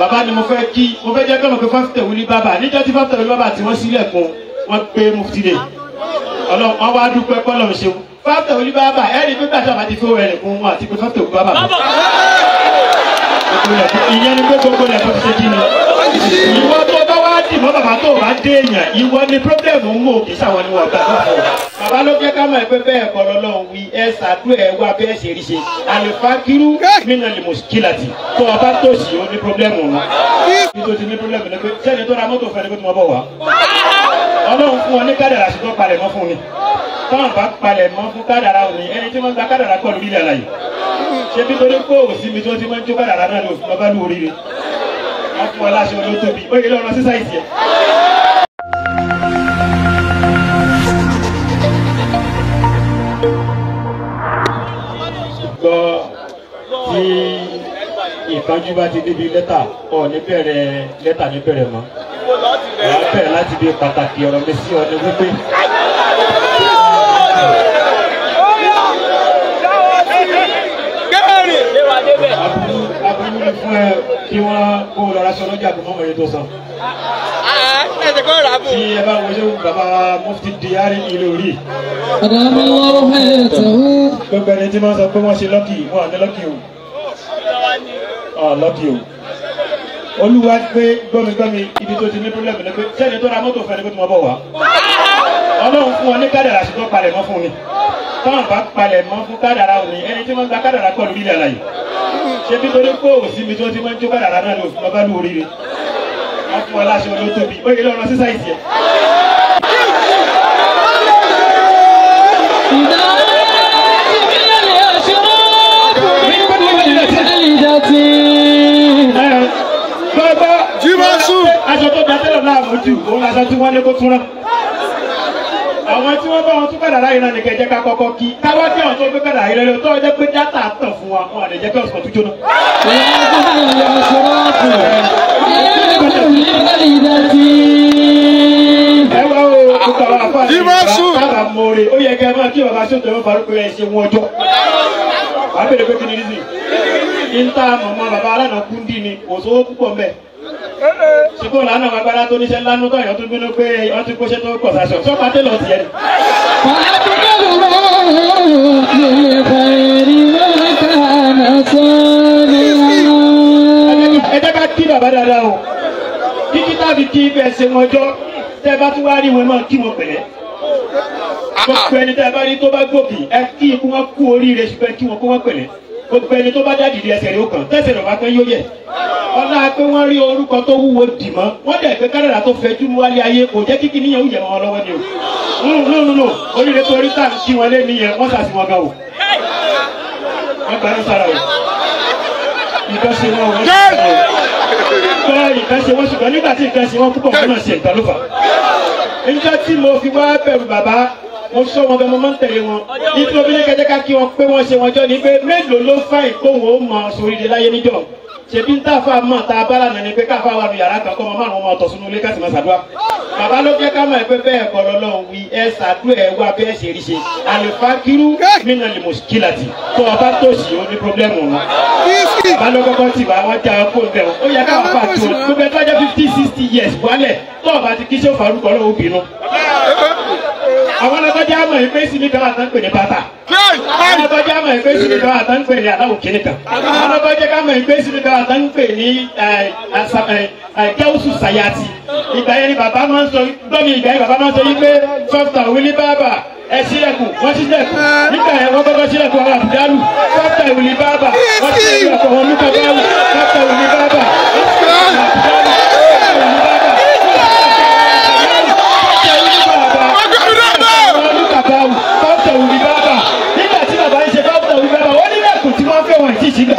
Baba ni mo fẹ́ kí mo fẹ́ jẹ́ pé mo fi fásitì wuli bàbá níjọ́ tí fásitì wuli bàbá tí wọ́n sílẹ̀kùn wọ́n pé mufti dè ọlọ́run wọ́n wá dúpẹ́ kọ́lọ̀ ń ṣeun fásitì wuli bàbá ẹ̀rí pé gbàtà bá ti fi wẹ̀rẹ̀ kún wọn àti pé fásitì wuli bàbá mọ́. ìyẹn ni pé gbogbo rẹ̀ kó ti ṣe kí ni ìwọ́n tó bá wá dì mọ́ bàbá tó bá dé èèyàn ìwọ ni pírọ́blẹ̀mù ń wò kí sàwọn ni wọ́n gbà lọ́wọ́ bàbá ló jẹ́ ká mọ̀ ẹgbẹ́ bẹ́ẹ̀ kọ́ lọ́lọ́run wí ẹ ṣàdúrà ẹ wá bẹ́ẹ̀ ṣe rí ṣe àlùfáàkìrú mínà lè mọ̀ tó ọba tó sì ó ní pírọ́blẹ̀mù wọn. bí tó ti ní pírọ́blẹ̀mù ni pé sẹ́ni tó ra mọ́tò fẹ́ni pé tí wọ́n bọ̀ wá. ọlọ́run fún wọn ní kádàrà ṣùgbọ́n palẹ̀ mọ́ fún mi tọ́wọ́n bá palẹ̀ mọ́ fún kádàrà òní ẹni tí wọ́n gba kádàrà pọ̀ lórí ilẹ̀ àlàyé ṣé bí torí kó òsínmi tó ti máa ń jó kádàrà náà ló fi lọ́ bá lù oríire á fún wa láṣẹ ọdún tóbi ó yẹ lọ́rọ̀ sísá ìtì ẹ̀. gbọ́ tí ìtọ́jú bá ti débi lẹ́tà ọ̀ ní lẹ́tà ní mọ́ wàá bẹ̀rẹ̀ láti bí pàtàkì ọ̀rọ̀ mi sí ọ ní wípé. kí wọ́n kó lọ ra sọ́nà jàdùn mọ́mọ́ yẹn tó san. ẹsẹ̀ kọ́ ra bò. tí ẹ bá wọlé bàbá mufti diari Ìlọrin. àdàmú wọn fẹ́ tẹ̀wó. gbogbo ẹni tí wọ́n sọ pé wọ́n ṣe lọ́kì wọn àti lọ́kì o. lọ́kì o. olúwa gbé gbọ́migbọ́mi ibi tó ti ní pírọ́lẹ́mù ni pé sẹ́ni tó ra mọ́tò fẹ́ni pé tí wọ́n bọ̀ wá. Ah, ah. ọlọ́run fún wọn ní kádàrà táwọn bá palẹ̀ mọ́ fún kádàrà òní ẹni tí wọ́n gba kádàrà kọ́ lórí ìlànà ṣé bí torí kó o síbi tó ti máa ń jó kádàrà náà ni òfin ọba lórí rẹ wọ́n fún ọ láṣọ olótóbi ó yẹ lọ́rọ̀ sísá ìsì ẹ̀. Jíbọ́sù. Aṣọ tó dá tẹ́lẹ̀ náà mojú, òun aṣọ tí wọ́n lé kó túnra àwọn tí wọ́n bá wọn tún kàdàrá yìí náà nìkẹ́ jẹ́ ká kọ́kọ́ kí táwa kí àwọn tó gbé kàdàrá yìí lọ tó jẹ́ pé dátà tàn fún wa wọn àdéjẹ́ kí ọ̀sán tó jóná. ẹ wá o kókò àwọn afáàlú bàbá mọ́re ó yẹ kí ẹ máa kí bàbá sọ́tò ẹ̀ farúkú ẹ̀ ṣe wọ́n jọ. wàá bèrè pé kí ni rí sí i. ní ta mọ̀mọ́ bàbá alánà kúndì ni kò sówó púpọ̀ mbẹ́ ṣùgbọ́n làánà agbára tó níṣẹ́ ńlá nùtọ̀ yẹn tó bínú pé wọ́n ti kóṣe tó pọ̀ sàṣọ sọ́pà tẹ́lọ̀ tiẹ̀ ni. ẹ jẹ́ ká kí bàbá dáadáa o kíkí tàbí kí ibẹ̀ ṣe wọn jọ tẹ́ bá tún wá rí wọn máa kí wọn pẹ̀lẹ́ gbogbo ẹni tẹ́ bá rí tó bá gbòkì ẹ kí ikú wọn kú oríire ṣùgbọ́n kí wọn kó wọn pẹ̀lẹ́ gbogbo ẹni tó bá já dìde ẹsẹ̀ rẹ̀ ó kàn tẹ̀sẹ̀ rẹ̀ bá pẹ́ yóò yẹ̀ ọlá pé wọ́n rí orúkọ tó wúwo dì mọ́ wọ́n dẹ̀ pé kádàrà tó fẹjú wálé ayé kò jẹ́ kíkì níyẹn ó yẹ̀ wọn lọ́wọ́ ni o nùnùnùnù oríire tó rí táà kí wọn lé níyẹn wọ́n sàṣì wọn gan o wọ́n gbà ní sára o nǹkan ṣe wọn wọ́n ṣe wọn gbọ́ nǹkan ṣe wọ́n ṣùgbọ́n nígbà tí nǹkan ṣe wọn púpọ̀ wọn náà ṣe nǹkan ló fà nígbà tí mo fi wá bẹ̀rù bàbá mo sọ wọn bẹ mo máa ń tẹ̀lé wọn nítorí obìnrin kẹjẹ ká kí wọn pé wọn ṣe wọn jọ ni pé mélòó ló fà ìkóhùn ó mọ sóríire láyé níjọ ṣèbí ń tàfà mọ tá a bá lànà ni pé káfà wà ní yàrá kan kọ́ mọ márùn wọn ọ̀tọ̀ sínú ilé káṣí máa ṣàdúrà bàbá ló jẹ́ ká mọ̀ ẹ́ pé bẹ́ẹ̀ kọ́ lọ́lọ́run wí ẹ ṣàdúrà ẹ wá bẹ́ẹ̀ ṣe rí ṣe àlèfà kírú nínú lèmọ̀síkìlàtì tó ọba tòṣì ó ní pírọ́blẹ́mù wọn. bàbá ló kọ́kọ́ tì bá wọn já kó bẹ̀ ó yẹ ká wà tó gbogbo ẹ tó jẹ́ fifty sixty years wálẹ̀ tó ọba ti kí àwọn ọlọ́gbọ́dé àmọ̀ ìfẹ́ sí ní kan àtàn pè ní bàtà àwọn ọlọ́gbọ́dé àmọ̀ ìfẹ́ sí ní kan àtàn pè ní aláwọ̀ kíní kan àwọn ọlọ́gbọ́dé àmọ̀ ìfẹ́ sí ní kan àtàn pè ní eh, eh, eh, gẹ́wùsù sàyàtì ìgbà yẹn ni bàbá máa ń sọ gbọ́mi ìgbà yẹn bàbá máa ń sọ yí pé sọ́fìtà wílí bàbà ẹ sílẹ̀kùn wọ́n sílẹ̀kùn nígbà yẹn wọ́n gbọ́dọ̀ sílẹ̀kùn àwọn àbùdálù sọ́fìtà wílí bàbà pé wọn ti sílẹ̀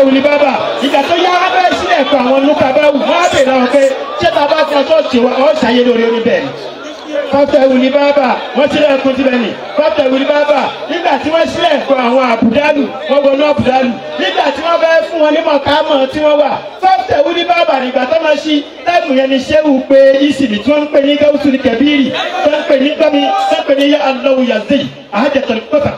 o. ìgbà tó yára bẹ́ẹ̀ sílẹ̀ kọ àwọn nukabẹ́wù wọ́n á bèèrè àwọn pé ṣé bàbá kan tó ti wá ọ́ ṣàyẹ̀lórí oníbẹ̀rẹ̀ kọ́tà wuli bábà wọ́n sílẹ̀ kún tibẹ̀ ni kọ́tà wuli bábà nígbà tí wọ́n sílẹ̀ kún àwọn àbùdálù wọ́n wọnú àbùdálù nígbà tí wọ́n bẹ́ẹ̀ fún wọn ní mọ̀kámọ̀ tí wọ́n wà kọ́tà wuli bábà nígbà tó máa ṣí táìmù yẹn ni sẹ́wù pé ìsìlì tí wọ́n ń pè ní gáúsù ní kẹ̀bírì tó ń pè ní gbọ́mi tó ń pè ní aláwùyà zeyi àhájẹ̀tọ̀ ní pẹ́fà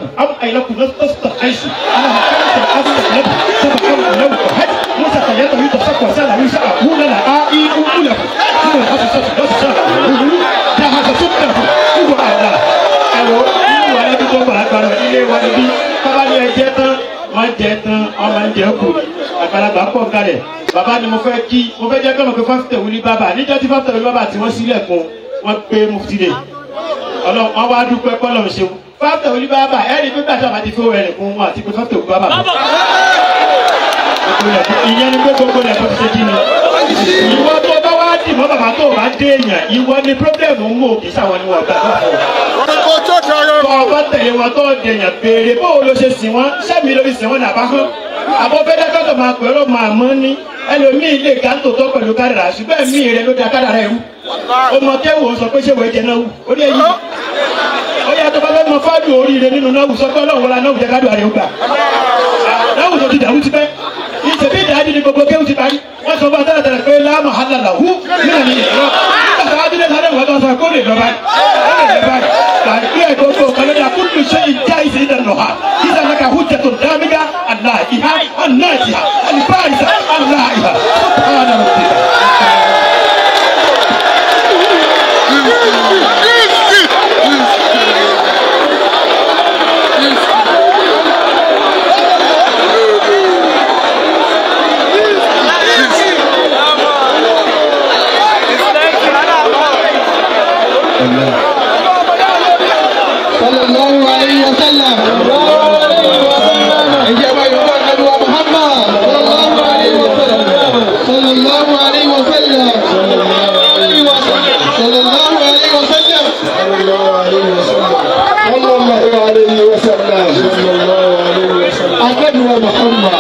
jẹ tán ọmọ ń jẹ kù àgbàlagbà pọ̀ kalẹ̀ bàbá ni mo fẹ́ kí mo fẹ́ jẹ́ kí ọmọ pé fáfitẹ̀ wuli bàbá níjọ́ tí fáfitẹ̀ wuli bàbá tí wọ́n sílẹ̀kùn wọ́n gbé mufti de ọlọ́run wọ́n wá dúpẹ́ kọ́ lọ́run ṣeun fáfitẹ̀ wuli bàbá ẹ̀rí pípa sábà ti fi wẹ̀rẹ̀ kún wọn àti pé fáfitẹ̀ wuli bàbá mọ́. ìyẹn ni pé gbogbo rẹ̀ ti ṣe kí ni ìwọ tó bá wá dì mọ́ bàbá tó bá dé èèyàn ìwọ ni pírọ́blẹ̀mù ń mú òkè sáwọn ni wọ́n gbà tọ́ ọ bá tẹ̀lé wọn tọ́ di èèyàn béèrè bó o ló ṣe sìn wọn sẹ́mi lórí sìn wọn nàbá hàn àbọ̀ bẹ́ẹ̀ kọ́tọ̀ máa pẹ̀lú máa mọ́ ní ẹlòmíì lè ga tòótọ́ pẹ̀lú kárìrà ṣùgbọ́n ẹ̀mí rẹ ló da kárìrà rẹ wù ọmọ kẹwò sọ pé ṣé wò jẹ náà wù ó lè yí ó yàtọ̀ bá lọ́mọ fáàdù oríire nínú náà wù sọ pé ọlọ́run wọlá náà wù jẹ kádùn àrẹ gbà náà wù sọ ti dàrú ti pẹ́ ìṣèbí ìdájú ni gbogbo kéwù ti parí wọ́n sọ fún atẹ́lẹ̀tẹ̀lẹ̀ pé láàmú hàlàlà wù nínú ìyẹn lọ هذا كل شيء جائز عند النهار إذا لك حجة دامجة اللائحة الناجحة البارزة اللائحة سبحان ربك annabi muhammad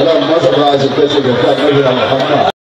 اللهم صل على سيدنا محمد